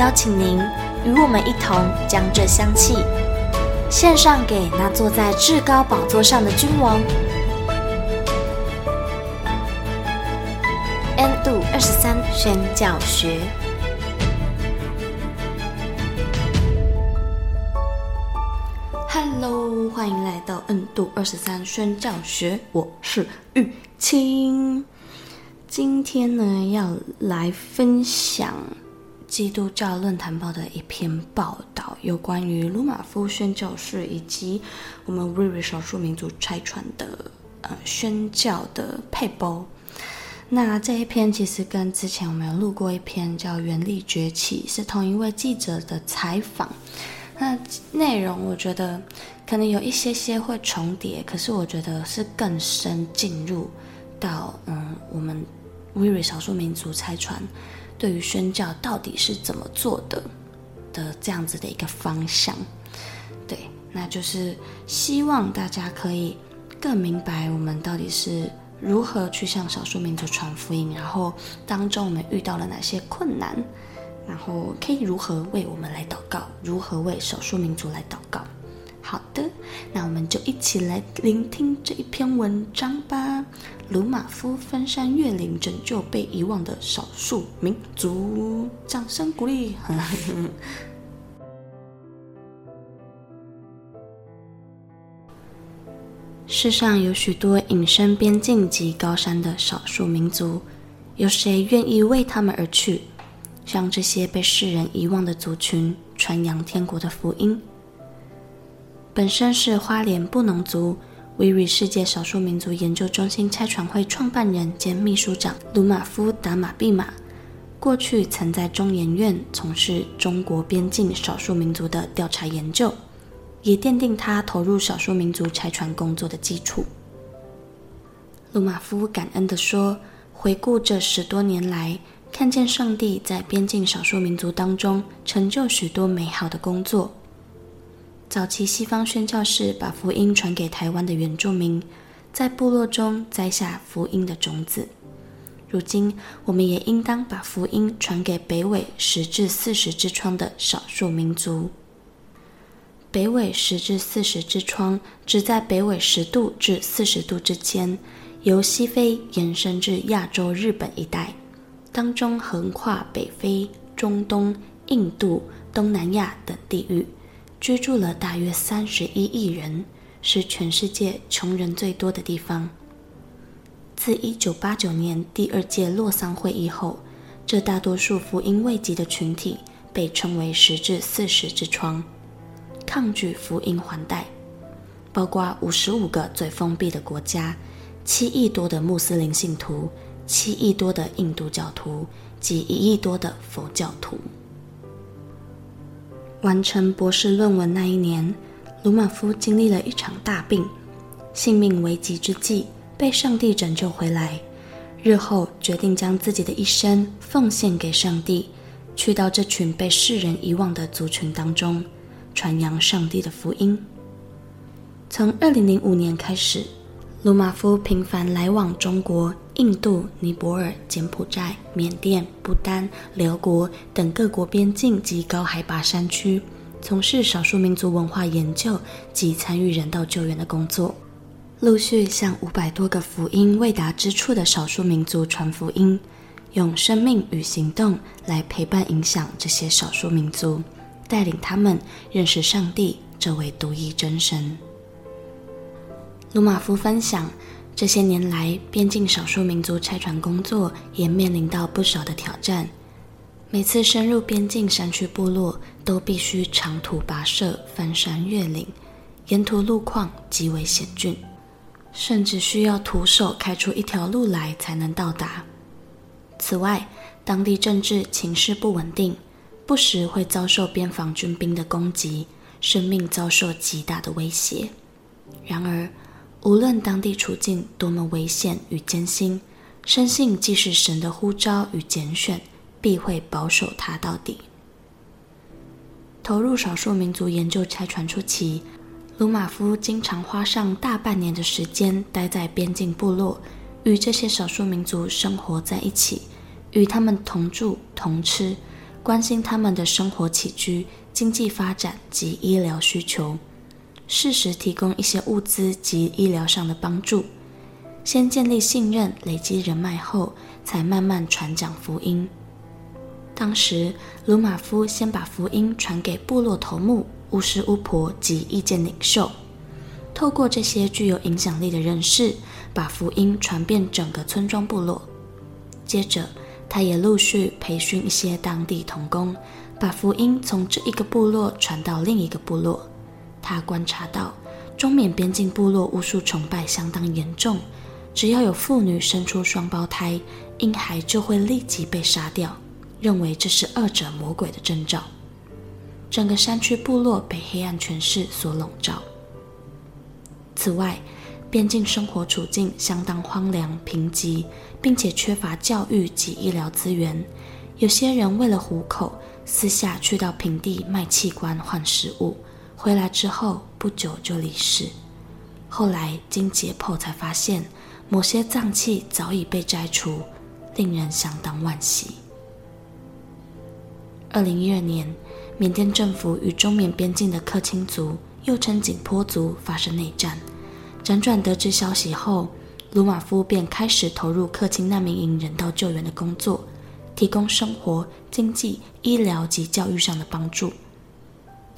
邀請您與我們一同將這香氣獻上給那坐在至高寶座上的君王。n 度二十三宣教學，Hello，歡迎來到 n 度二十三宣教學，我是玉清，今天呢要來分享。基督教論壇報的一篇報道，有關於魯馬夫宣教士以及我們 WIRI 少數民族差傳的、呃、宣教的 paper。那這一篇其實跟之前我們有錄過一篇叫《原力崛起》，是同一位記者的採訪。那內容我覺得可能有一些些會重疊，可是我覺得是更深進入到嗯我們 WIRI 少數民族差傳。對於宣教到底是怎麼做的的這樣子的一個方向，對，那就是希望大家可以更明白我們到底是如何去向少數民族傳福音，然後當中我們遇到了哪些困難，然後可以如何為我們來禱告，如何為少數民族來禱告。好的，那我們就一起來聆聽這一篇文章吧。魯馬夫翻山越嶺，拯救被遺忘的少數民族。掌聲鼓勵！ 世上有許多隱身邊境及高山的少數民族，有誰願意為他們而去，向這些被世人遺忘的族群傳揚天國的福音？本身是花蓮布農族威 e 世界少數民族研究中心拆船會創辦人兼秘書長盧馬夫達馬畢馬，過去曾在中研院從事中國邊境少數民族的調查研究，也奠定他投入少數民族拆船工作的基礎。盧馬夫感恩地說：“回顧這十多年來，看見上帝在邊境少數民族當中成就許多美好的工作。”早期西方宣教士把福音傳給台灣的原住民，在部落中栽下福音的種子。如今，我們也應當把福音傳給北緯十至四十之窗的少數民族。北緯十至四十之窗指在北緯十度至四十度之間，由西非延伸至亞洲日本一帶，當中橫跨北非、中東、印度、東南亞等地域。居住了大約三十一億人，是全世界窮人最多的地方。自一九八九年第二屆洛桑會議後，這大多數福音未及的群體被稱為“十至四十之窗”，抗拒福音還代，包括五十五個最封閉的國家、七億多的穆斯林信徒、七億多的印度教徒及一億多的佛教徒。完成博士論文那一年，魯馬夫經歷了一場大病，性命危急之際，被上帝拯救回來。日後決定將自己的一生奉獻給上帝，去到這群被世人遺忘的族群當中，傳揚上帝的福音。從二零零五年開始，魯馬夫頻繁來往中國。印度、尼泊爾、柬埔寨、緬甸、不丹、寮國等各國邊境及高海拔山區，從事少數民族文化研究及參與人道救援的工作，陸續向五百多個福音未達之處的少數民族傳福音，用生命與行動來陪伴影響這些少數民族，帶領他們認識上帝這位獨一真神。魯瑪夫分享。這些年來，邊境少數民族差傳工作也面臨到不少的挑戰。每次深入邊境山區部落，都必須長途跋涉、翻山越嶺，沿途路況極為險峻，甚至需要徒手開出一條路來才能到達。此外，當地政治情勢不穩定，不時會遭受邊防軍兵的攻擊，生命遭受極大的威脅。然而，無論當地處境多麼危險與艱辛，深信既是神的呼召與揀選，必會保守他到底。投入少數民族研究差傳初期，魯馬夫經常花上大半年的時間待在邊境部落，與這些少數民族生活在一起，與他們同住同吃，關心他們的生活起居、經濟發展及醫療需求。適時提供一些物資及醫療上的幫助，先建立信任，累積人脈後，才慢慢傳講福音。當時，魯瑪夫先把福音傳給部落頭目、巫師、巫婆及意見領袖，透過這些具有影響力的人士，把福音傳遍整個村莊部落。接着，他也陸續培訓一些當地同工，把福音從這一個部落傳到另一個部落。他觀察到，中緬邊境部落巫術崇拜相當嚴重。只要有婦女生出雙胞胎，嬰孩就會立即被殺掉，認為這是惡者魔鬼的徵兆。整個山區部落被黑暗權勢所籠罩。此外，邊境生活處境相當荒涼貧瘠，並且缺乏教育及醫療資源。有些人為了糊口，私下去到平地賣器官換食物。回來之後不久就離世，後來經解剖才發現某些臟器早已被摘除，令人相當惋惜。二零一二年，緬甸政府與中緬邊境的克欽族（又稱景頗族）發生內戰，輾轉得知消息後，魯瑪夫便開始投入克欽難民營人道救援的工作，提供生活、經濟、醫療及教育上的幫助。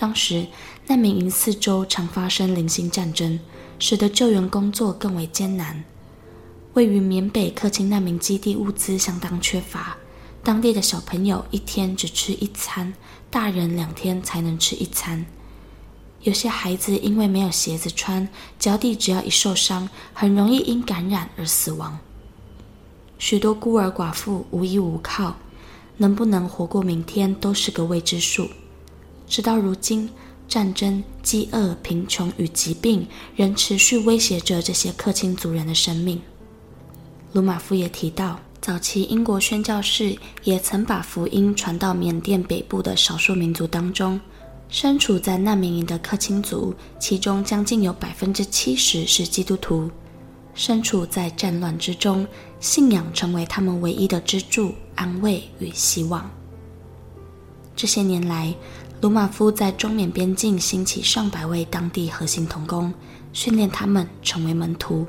當時，難民營四周常發生零星戰爭，使得救援工作更為艱難。位於緬北克欽難民基地，物資相當缺乏，當地的小朋友一天只吃一餐，大人兩天才能吃一餐。有些孩子因為沒有鞋子穿，腳底只要一受傷，很容易因感染而死亡。許多孤兒寡婦無依無靠，能不能活過明天都是個未知數。直到如今，戰爭、飢餓、貧窮與疾病仍持續威脅着這些克欽族人的生命。魯馬夫也提到，早期英國宣教士也曾把福音傳到緬甸北部的少數民族當中。身處在難民營的克欽族，其中將近有百分之七十是基督徒。身處在戰亂之中，信仰成為他們唯一的支柱、安慰與希望。這些年來，魯馬夫在中緬邊境興起上百位當地核心同工，訓練他們成為門徒，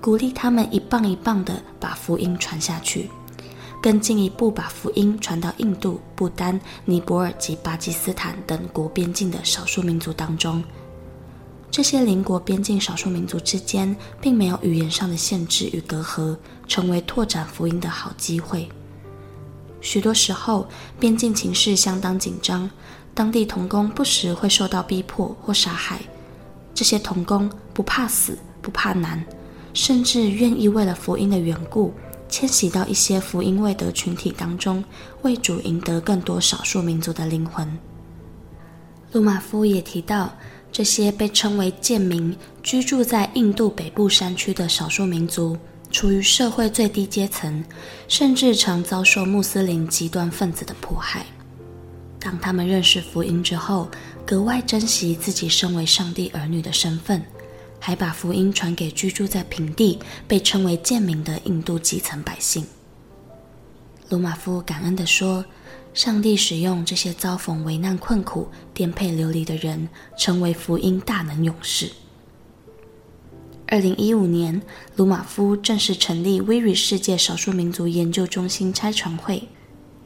鼓勵他們一棒一棒地把福音傳下去，更進一步把福音傳到印度、不丹、尼泊爾及巴基斯坦等國邊境的少數民族當中。這些鄰國邊境少數民族之間並沒有語言上的限制與隔閡，成為拓展福音的好機會。許多時候，邊境情勢相當緊張。當地同工不時會受到逼迫或殺害，這些同工不怕死、不怕難，甚至願意為了福音的緣故遷徙到一些福音未得群體當中，為主贏得更多少數民族的靈魂。魯瑪夫也提到，這些被稱為賤民、居住在印度北部山區的少數民族，處於社會最低階層，甚至常遭受穆斯林極端分子的迫害。當他們認識福音之後，格外珍惜自己身為上帝兒女的身份，還把福音傳給居住在平地、被稱為賤民的印度基層百姓。盧馬夫感恩地說：“上帝使用這些遭逢危難困苦、顛沛流離的人，成為福音大能勇士。”二零一五年，盧馬夫正式成立威瑞世界少數民族研究中心差傳會。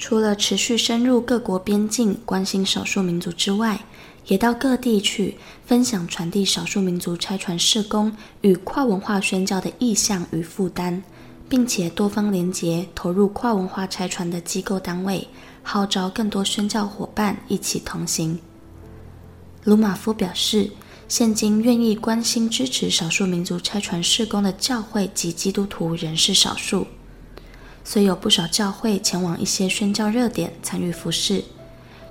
除了持續深入各國邊境關心少數民族之外，也到各地去分享傳遞少數民族差傳事工與跨文化宣教的異象與負擔，並且多方連結投入跨文化差傳的機構單位，號召更多宣教夥伴一起同行。魯瑪夫表示，現今願意關心支持少數民族差傳事工的教會及基督徒仍是少數。所以有不少教會前往一些宣教熱點參與服事，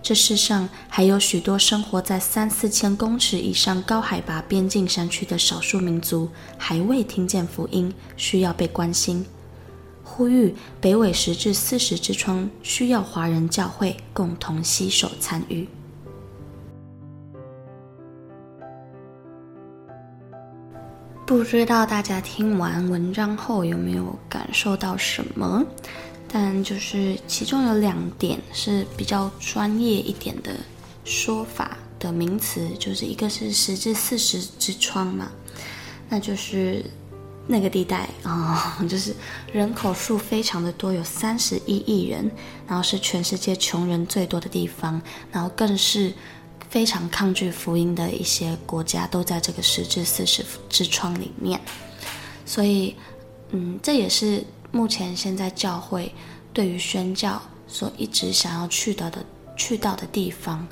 這世上還有許多生活在三四千公尺以上高海拔邊境山區的少數民族還未聽見福音，需要被關心。呼籲北緯十至四十之窗需要華人教會共同攜手參與。不知道大家聽完文章後有沒有感受到什麼，但就是其中有兩點是比較專業一點的說法的名詞，就是一個是十至四十之窗嘛，那就是那個地帶啊、哦，就是人口數非常的多，有三十一億人，然後是全世界窮人最多的地方，然後更是。非常抗拒福音的一些國家都在這個十至四十之窗裡面，所以，嗯，這也是目前現在教會對於宣教所一直想要去到的去到的地方。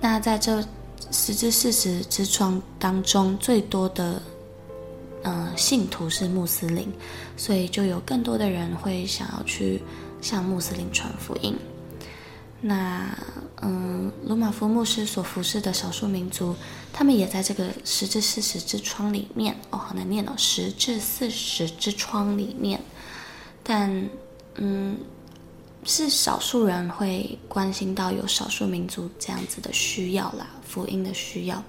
那在這十至四十之窗當中，最多的，呃，信徒是穆斯林，所以就有更多的人會想要去向穆斯林傳福音。那。嗯，魯瑪夫牧師所服侍的少數民族他們也在這個十至四十之窗裡面。哦，好難念哦，十至四十之窗裡面。但，嗯，是少數人會關心到有少數民族這樣子的需要啦，福音的需要。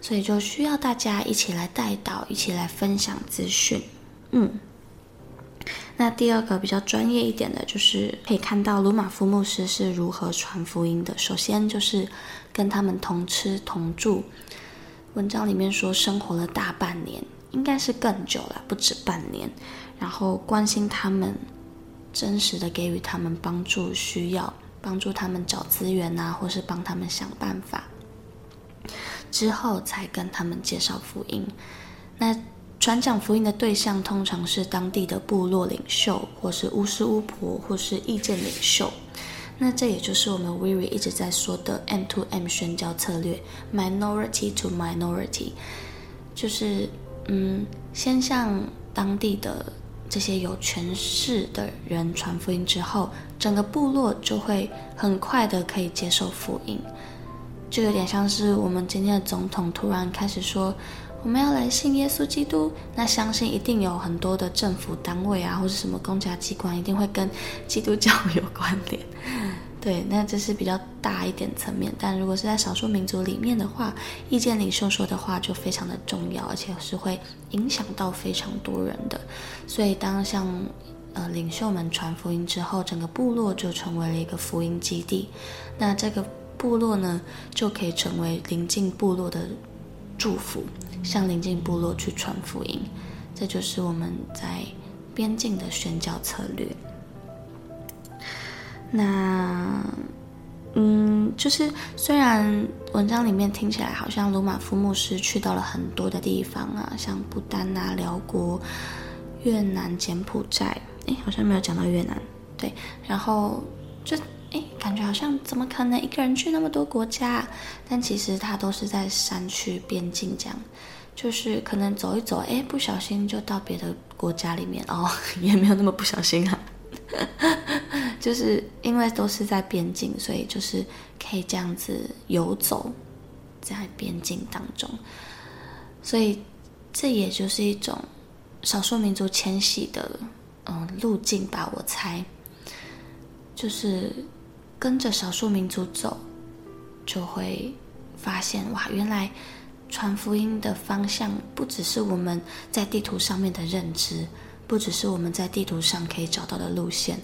所以就需要大家一起來代禱，一起來分享資訊。嗯。那第二個比較專業一點的，就是可以看到魯瑪夫牧師是如何傳福音的。首先就是跟他們同吃同住，文章裡面說生活了大半年，應該是更久了，不止半年。然後關心他們，真實的給予他們幫助，需要幫助他們找資源吶、啊，或是幫他們想辦法。之後才跟他們介紹福音。那。傳講福音的對象通常是當地的部落領袖，或是巫師巫婆，或是意見領袖。那這也就是我們 WIRI 一直在說的 M2M 宣教策略，Minority to Minority，就是嗯，先向當地的這些有權勢的人傳福音之後，整個部落就會很快的可以接受福音，就有點像是我們今天的總統突然開始說，我們要來信耶穌基督，那相信一定有很多的政府單位啊，或者什麼公家機關，一定會跟基督教有關聯。對，那這是比較大一點層面。但如果是在少數民族裡面的話，意見領袖說的話就非常的重要，而且是會影響到非常多人的。所以，當像呃領袖們傳福音之後，整個部落就成為了一個福音基地，那這個部落呢，就可以成為臨近部落的祝福。向鄰近部落去傳福音，這就是我們在邊境的宣教策略。那，嗯，就是雖然文章裡面聽起來好像魯馬夫牧師去到了很多的地方啊，像不丹啊、寮國、越南、柬埔寨，誒，好像沒有講到越南。對，然後就。感覺好像怎麼可能一個人去那麼多國家，但其實他都是在山區邊境，這樣就是可能走一走，誒，不小心就到別的國家裡面哦，也沒有那麼不小心啊， 就是因為都是在邊境，所以就是可以這樣子游走在邊境當中，所以這也就是一種少數民族遷徙的嗯、呃、路徑吧，我猜，就是。跟着少數民族走，就會發現哇，原來傳福音的方向不只是我們在地圖上面的認知，不只是我們在地圖上可以找到的路線，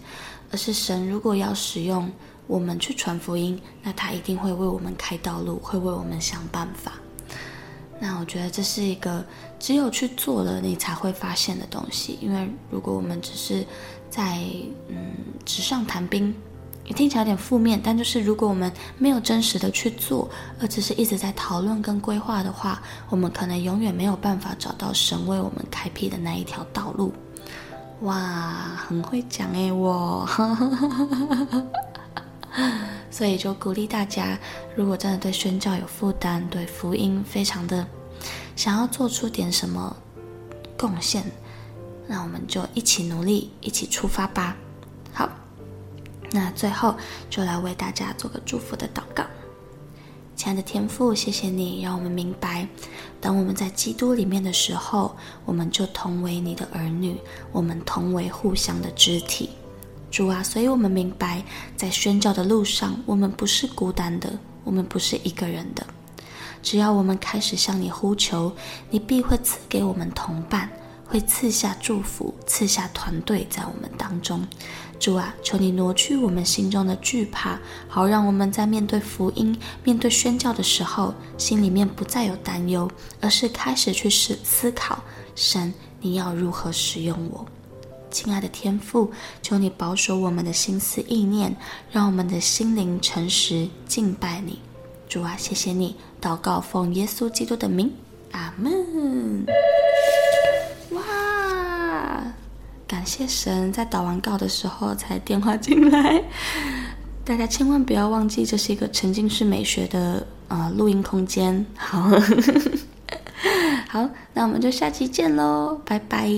而是神如果要使用我們去傳福音，那他一定會為我們開道路，會為我們想辦法。那我覺得這是一個只有去做了，你才會發現的東西。因為如果我們只是在嗯，紙上談兵。也聽起來有點負面，但就是如果我們沒有真實的去做，而只是一直在討論跟規劃的話，我們可能永遠沒有辦法找到神為我們開闢的那一條道路。哇，很會講誒，我，哈哈哈。所以就鼓勵大家，如果真的對宣教有負擔，對福音非常的想要做出點什麼貢獻，那我們就一起努力，一起出發吧。好。那最後，就來為大家做個祝福的禱告。親愛的天父，謝謝你讓我們明白，當我們在基督裡面的時候，我們就同為你的兒女，我們同為互相的肢體。主啊，所以我們明白，在宣教的路上，我們不是孤單的，我們不是一個人的。只要我們開始向你呼求，你必會賜給我們同伴。會賜下祝福，賜下團隊在我們當中。主啊，求你挪去我們心中的懼怕，好讓我們在面對福音、面對宣教的時候，心裡面不再有擔憂，而是開始去思思考：神，你要如何使用我？親愛的天父，求你保守我們的心思意念，讓我們的心靈誠實敬拜你。主啊，謝謝你。禱告奉耶穌基督的名，阿門。感謝神在禱完告的時候才電話進來，大家千萬不要忘記這是一個沉浸式美學的呃錄音空間。好， 好，那我們就下期見嘍，拜拜。